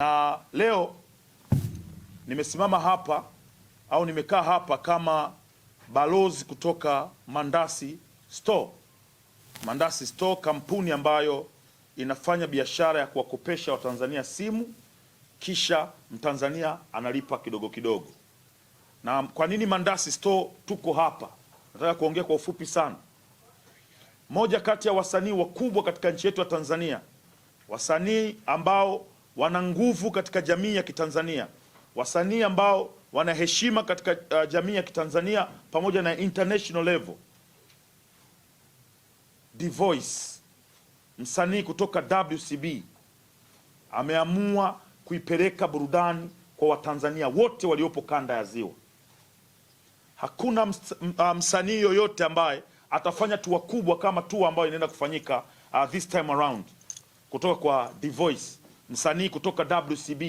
Na leo nimesimama hapa au nimekaa hapa kama balozi kutoka Mandasi Store. Mandasi Store, kampuni ambayo inafanya biashara ya kuwakopesha Watanzania simu kisha Mtanzania analipa kidogo kidogo. Na kwa nini Mandasi Store tuko hapa? Nataka kuongea kwa ufupi sana. Moja kati ya wasanii wakubwa katika nchi yetu ya Tanzania, wasanii ambao wana nguvu katika jamii ya Kitanzania, wasanii ambao wana heshima katika uh, jamii ya Kitanzania pamoja na international level. The Voice, msanii kutoka WCB ameamua kuipeleka burudani kwa Watanzania wote waliopo kanda ya Ziwa. Hakuna ms uh, msanii yoyote ambaye atafanya tua kubwa kama tua ambayo inaenda kufanyika uh, this time around kutoka kwa The Voice msanii kutoka WCB,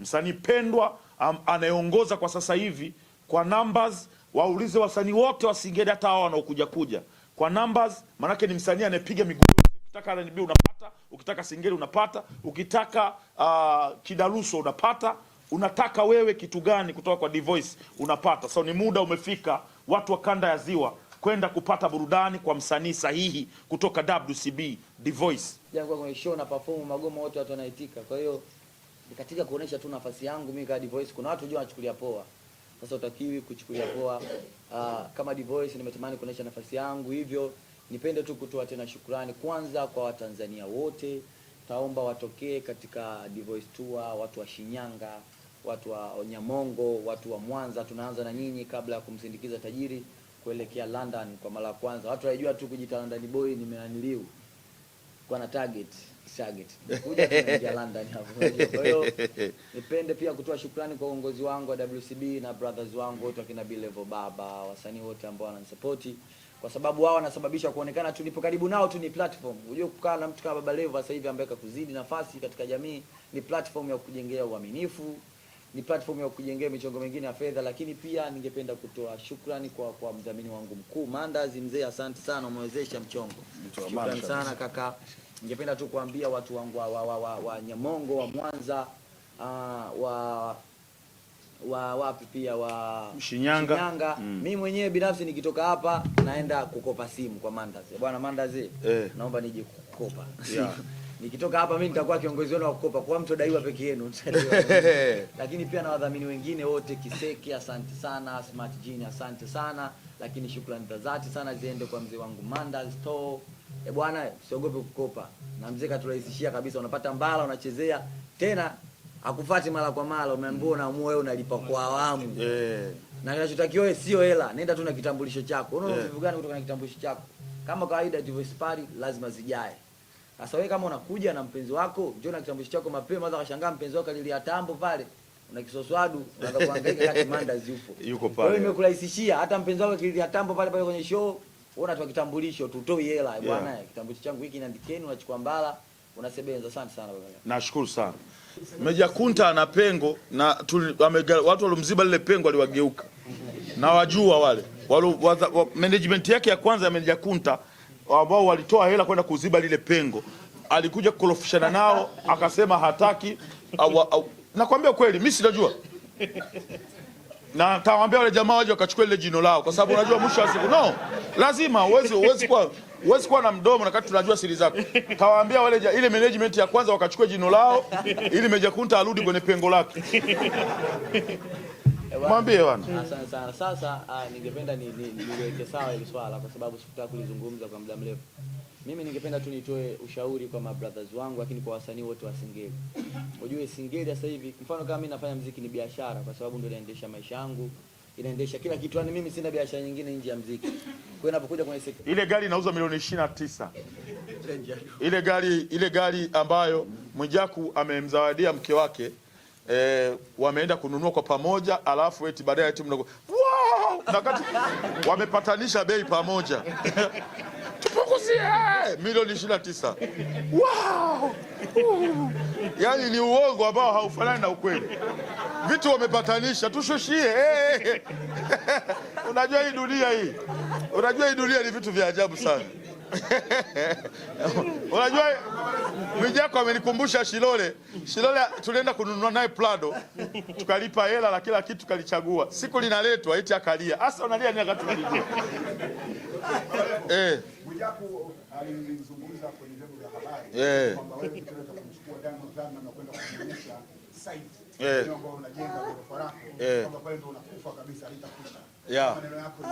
msanii pendwa um, anayeongoza kwa sasa hivi kwa numbers. Waulize wasanii wote wasingeli, hata hao wanaokuja kuja kwa numbers, maanake ni msanii anayepiga miguu Ukitaka RNB unapata, ukitaka singeli unapata, ukitaka uh, ah, kidaruso unapata unataka wewe kitu gani kutoka kwa D-Voice unapata. So ni muda umefika, watu wa kanda ya Ziwa kwenda kupata burudani kwa msanii sahihi kutoka WCB The Voice. Jana kwenye show na perform magoma wote watu wanaitika. Kwa hiyo nikatika kuonesha tu nafasi yangu mimi kama The Voice. Kuna watu jua wanachukulia poa. Sasa utakiwi kuchukulia poa. Uh, kama The Voice nimetamani kuonesha nafasi yangu hivyo nipende tu kutoa tena shukrani kwanza kwa Watanzania wote. Taomba watokee katika The Voice Tour, watu wa Shinyanga, watu wa Nyamongo, watu wa Mwanza, tunaanza na nyinyi kabla ya kumsindikiza tajiri kuelekea London kwa mara ya kwanza. Watu wajua tu kujita London boy nimeaniliu kwa na target target kuja kuingia London hapo. Kwa hiyo nipende pia kutoa shukrani kwa uongozi wangu wa WCB na brothers wangu wote wakina Bilevo Baba, wasanii wote ambao wananisupporti kwa sababu wao wanasababisha kuonekana tu nipo karibu nao tu ni platform. Unajua kukaa na mtu kama Baba Levo sasa hivi ambaye kakuzidi nafasi katika jamii ni platform ya kujengea uaminifu ni platform ya kujengea michongo mingine ya fedha, lakini pia ningependa kutoa shukrani kwa kwa mdhamini wangu mkuu Mandazi. Mzee, asante sana, umewezesha mchongo. Shukrani sana kaka. Ningependa tu kuambia watu wangu wa, wa, wa, wa, wa Nyamongo wa Mwanza uh, wa wa wapi pia wa Shinyanga, Shinyanga. Mm. Mimi mwenyewe binafsi nikitoka hapa naenda kukopa simu kwa Mandazi. Bwana Mandazi eh, naomba nije kukopa yeah. nikitoka hapa mimi nitakuwa kiongozi wenu wa kukopa kwa mtu daiwa peke yenu, lakini pia na wadhamini wengine wote, Kiseki asante sana, Smart genius asante sana, lakini shukrani za dhati sana ziende kwa mzee wangu Mandal Store. E bwana, siogope kukopa, na mzee katurahisishia kabisa, unapata mbala unachezea tena, akufati mara kwa mara, umeambiwa mm. unaamua wewe, unalipa kwa awamu yeah. na kinachotakiwa sio hela, nenda tu na kitambulisho chako, unaona eh. vitu gani kutoka na kitambulisho chako. Kama kawaida, divorce party lazima zijae sasa wewe kama unakuja na mpenzi wako, njoo na kitambulisho chako mapema, unaweza kashangaa mpenzi wako alilia tambo pale. Una kisoswadu, unaweza kuhangaika kati manda zipo. Yuko pale. Wewe nimekurahisishia hata mpenzi wako akilia tambo pale pale kwenye show, wewe unatoa kitambulisho, tutoi hela yeah. bwana, Kitambulisho changu hiki niandikeni, unachukua mbala, unasebenza. Asante sana baba. Nashukuru sana. Meja Kunta ana pengo na tuli, wamega, watu walomziba lile pengo waliwageuka. Na wajua wale. Walu, wa, wa, management yake ya kwanza ya Meja Kunta ambao walitoa hela kwenda kuziba lile pengo, alikuja kukorofishana nao, akasema hataki Nakwambia kweli, mimi sitajua na tawaambia wale jamaa waje wakachukua lile jino lao, kwa sababu unajua mwisho wa siku no, lazima uwezi uwezi kuwa uwezi kuwa na mdomo, na kati tunajua siri zako. Kawaambia wale ile management ya kwanza wakachukua jino lao, ili Meja Kunta arudi kwenye pengo lake mwambie bwana. Asante sana. Sasa ah, ningependa ni niweke sawa hili swala, kwa sababu sikutaka kulizungumza kwa muda mrefu. Mimi ningependa tu nitoe ushauri kwa mabrothers wangu, lakini kwa wasanii wote wa Singeli. Unajua Singeli sasa hivi, mfano kama mimi nafanya muziki ni biashara, kwa sababu ndio inaendesha maisha yangu, inaendesha kila kitu. Yaani mimi sina biashara nyingine nje ya muziki. Kwa hiyo napokuja kwenye sekta ile, gari inauza milioni 29 ile gari ile gari ambayo Mwijaku amemzawadia mke wake eh, wameenda kununua kwa pamoja, alafu eti baadaye eti mnago wow! wakati wamepatanisha bei pamoja milioni ishirini tisa. Wow! Yaani ni uongo ambao haufanani na ukweli, vitu wamepatanisha, tushushie. Hey! unajua hii dunia hii, unajua hii dunia ni vitu vya ajabu sana. Unajua Mwijako amenikumbusha Shilole. Shilole tulienda kununua naye Prado, tukalipa hela la kila kitu, tukalichagua. Siku linaletwa eti akalia. Asa unalia nini wakati Eh. Mwijaku alizungumza kwenye vyombo vya habari kwamba wewe kitendo cha kumchukua Diamond Platnumz na kwenda site eneo ambalo unajenga ghorofa lako kwamba pale ndio unakufa kabisa, Maneno yako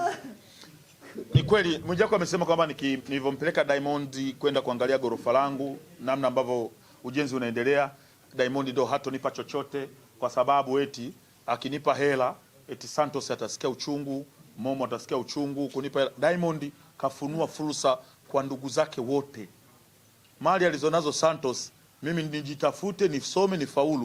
ni kweli. Mwijaku amesema kwamba nilivyompeleka Diamond kwenda kuangalia ghorofa langu, namna ambavyo ujenzi unaendelea, Diamond ndo hatonipa chochote kwa sababu eti akinipa hela eti Santos atasikia uchungu, Momo atasikia uchungu kunipa hela. Diamond kafunua fursa kwa ndugu zake wote. Mali alizonazo Santos, mimi nijitafute, nisome, nifaulu